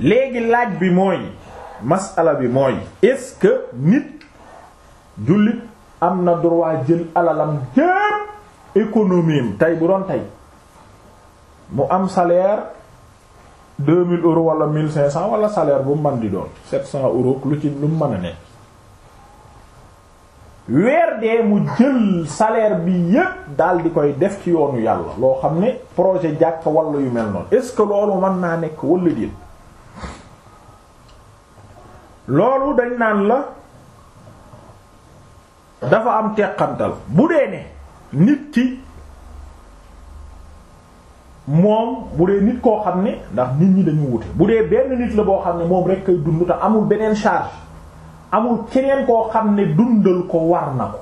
léegi laaj bi mooy masala bi mooy est-ce que nit jullit am na droit jël alalam jëpp économie tey bu doon tey mu am salaire deux mille euros wala mille cinq cents wala salaire bu man di doon sept cents euros lu ci lu mën a ne weer dee mu jël salaire bi yépp daal di koy def ci yoonu yàlla loo xam ne projet jàkk wala yu mel noonu est-ce que loolu mën naa nekk wala déet loolu dañ naan la dafa am teqantal bu dee ne nit ki moom bu dee nit koo xam ne ndax nit ñi dañu wute bu dee benn nit la boo xam ne moom rekk kay dund te amul beneen charge amul keneen koo xam ne dundal ko war na ko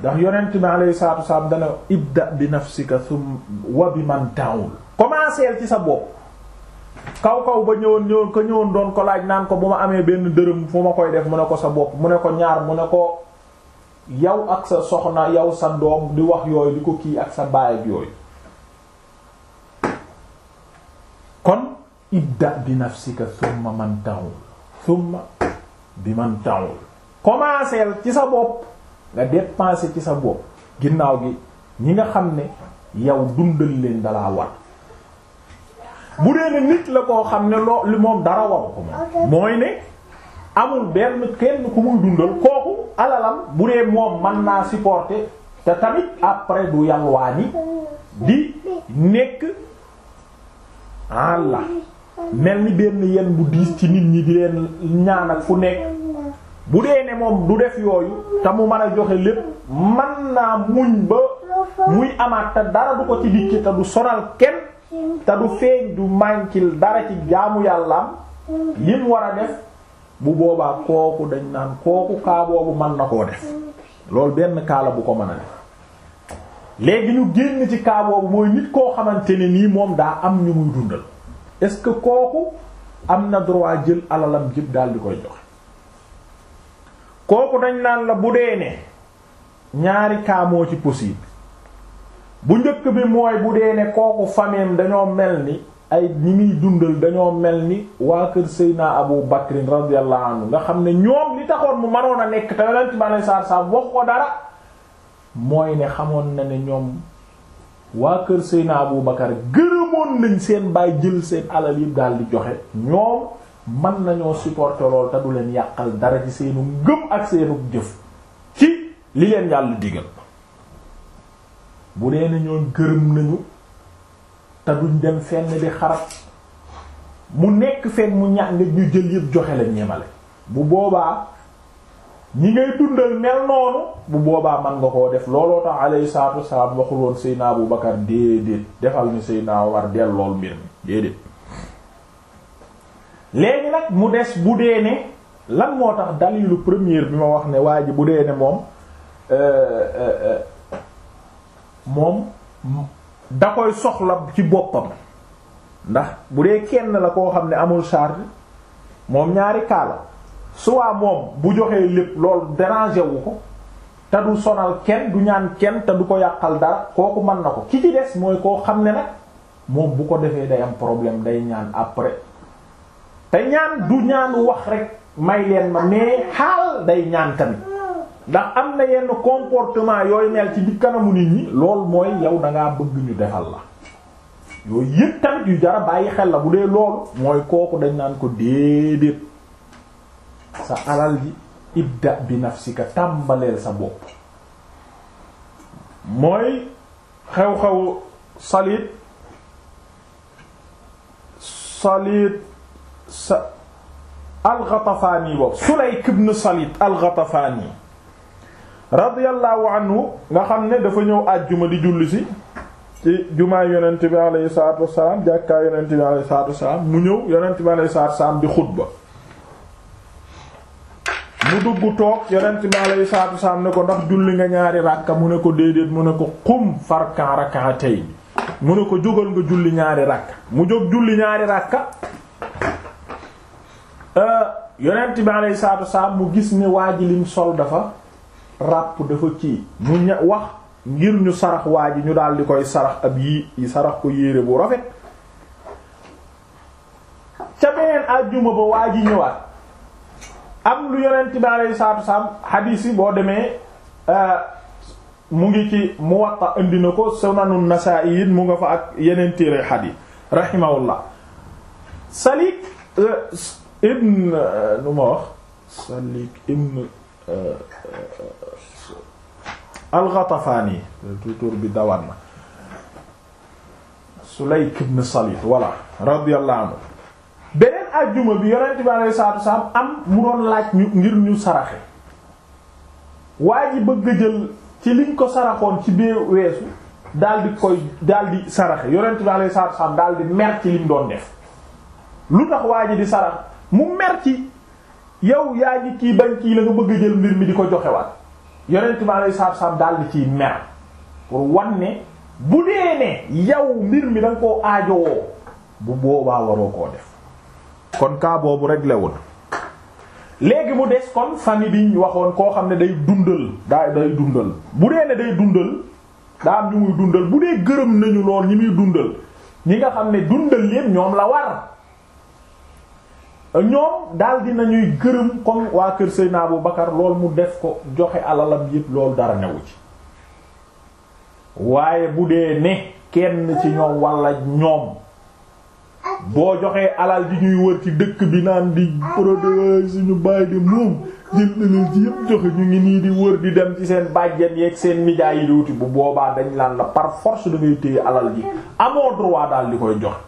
ndax yonent bi alayhi salaatu wasalaam dana ibda bi nafsika thumma wa bi man ta'ul commencer ci sa bopp kaw kaw ba ñëwoon ñëwoon ko ñëwoon doon ko laaj naan ko bu ma amee benn dërëm fu ma koy def mu ne ko sa bopp mu ne ko ñaar mu ne ko yow ak sa soxna yow sa doom di wax yooyu di ko kii ak sa baay ak yooyu kon ibda bi nafsika thumma man ta'ul thumma bi man ta'ul commencer ci sa bopp nga dépenser ci sa bopp ginnaaw gi ñi nga xam ne yow dundal leen dalaa war bu dee ne nit la koo xam ne loo li moom dara waru moom mooy ne amul benn kenn ku muy dundal kooku alalam bu dee moom mën naa supporter te tamit après du yalwaani di nekk àlla mel ni benn yen bu diis ci nit ñi di leen ñaan ak fu nekk bu dee ne moom du def yooyu te mu mën a joxe lépp mën naa muñ ba muy amaat te dara du ko ci dikki te du sonal kenn te du feeñ du mànkil dara ci jaamu yàllaam yim war a def bu boobaa kooku dañ naan kooku kaa boobu mën na koo def loolu benn kaala bu ko mën a def léegi ñu génn ci kaa boobu mooy nit koo xamante ni nii moom daa am ñu muy dundal est-ce que kooku am na droit jël alalam jëpp daal di koy joxe kooku dañ naan la bu dee ne ñaari kaamoo moo ci possible bu njëkk bi mooy bu dee ne kooku fameem dañoo mel ni ay ñi muy dundal dañoo mel ni waa kër Seydina Abu Bakrin radiyallahu anhu nga xam ne ñoom li taxoon mu mënoon a nekk te yonent bi alei satu salaam wax ko dara mooy ne xamoon na ne ñoom waa kër Seydina Abu Bakar gërëmoon nañ seen baay jël seen alal yëpp daal di joxe ñoom mën nañoo supporter lool te du leen yàqal dara ci seenu ngëm ak seenu jëf ci li leen yàlla digal bu dee ne ñoon gërëm nañu te duñ dem fenn di xarab mu nekk fenn mu ñàng ñu jël yëpp joxe la ñemale bu boobaa ñi ngay dundal mel noonu bu boobaa man nga koo def looloo tax alayhi salaatu wassalaam waxul woon Seydina Abu Bakar déedéet defal ni Seydina war del lool mbir mi déedéet léegi nag mu des bu dee ne lan moo tax dalilu première bi ma wax ne waa ji bu dee ne moom euh, euh, euh, moom da koy soxla ci boppam ndax bu dee kenn la koo xam ne amul charge moom ñaari kaala soit moom bu joxee lépp loolu déranger wu ko te du sonal kenn du ñaan kenn te du ko yàqal dara kooku mën na ko ki ci des mooy koo xam ne nag moom bu ko defee day am problème day ñaan après te ñaan du ñaanu wax rek may leen ma mais xaal day ñaan tamit ndax am na yenn comportement yooyu mel ci bi kanamu nit ñi loolu mooy yow da ngaa bëgg ñu defal la yooyu yëpp tamit yu jara bàyyi xel la bu dee loolu mooy kooku dañ naan ko déedéet sa alal ji ibda bi nafsika tàmbaleel sa bopp mooy xew-xew salit salit sa al-Ghatafani boobu Sulayk ibn Salit al-Ghatafani radiyallahu anhu nga xam ne dafa ñëw àjjuma di julli si ci jumaa yonent bi alayhi salaatu wassalaam jàkkaay yonent bi alayhi salaatu wassalaam mu ñëw yonent bi alayhi salaatu wassalaam di xutba mu dugg toog ne ko ndax julli nga ñaari ràkka mu ne ko déedéet mu ne ko xum farkan rakkan tey mu ne ko jógal nga julli ñaari ràkka mu jóg julli ñaari ràkka euh, yonent bi alayhi salaatu wassalaam mu gis ne waa ji lim sol dafa ràpp dafa kii mu ña wax ngir ñu sarax waa ñu daal di koy sarax ab yi sarax ko yéere bu rafet ca beneen àjjuma ba waa ji ñëwaat am lu yonent bi alayhi salaatu wasallam hadis yi boo demee euh, mu ngi ci mu Muwatta indi na ko Sunanun Nasaa'i mu nga fa ak yeneen téere hadis rahimahullah Salik euh, ibn euh, nu ma wax Salik ibn al-Ghatafani bi dawaan na Sulayk ibn Salit voilà radiyallahu anhu beneen ajjuma bi yonent bi alayhi salaatu am mu doon laaj ngir ñu saraxe waa ji bëgg a jël ci liñ ko saraxoon ci biir weesu daal di koy daal di saraxe yonent bi alayhi salaatu wasalaam daal di mer liñ doon def lu tax waa ji di sarax mu mer yow yaa ngi kii bañ kii la nga bëgg jël mbir mi di ko joxewaat yonent bi alei saatu salaam daal di ciy mer pour wan ne bu dee ne yow mbir mi da nga koo aajowoo bu boobaa waroo koo def kon kaa boobu réglé wul léegi mu des kon famille bi ñu waxoon koo xam ne day dundal daa day dundal bu dee ne day dundal daa am ñu muy dundal bu dee gërëm nañu lool ñi muy dundal ñi nga xam ne dundal yépp ñoom la war ñoom daal di nañuy gërëm comme waa kër Seydina bu Bakar lool mu def ko joxe alalam yépp loolu dara newu ci waaye bu dee ne kenn ci ñoom wala ñoom boo joxee alal di ñuy wër ci dëkk bi naan di produire suñu baay di moom jël nañu ci yépp joxe ñu ngi nii di wër di dem ci seen bàjjen yeeg seen nijaay yi bu boobaa dañ laan la par force da alal ji amoo droit daal di koy joxe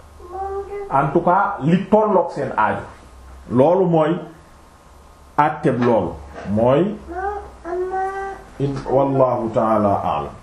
en tout cas li tolloog seen aaju. loolu mooy àtteb loolu mooy in wallahu taala aalam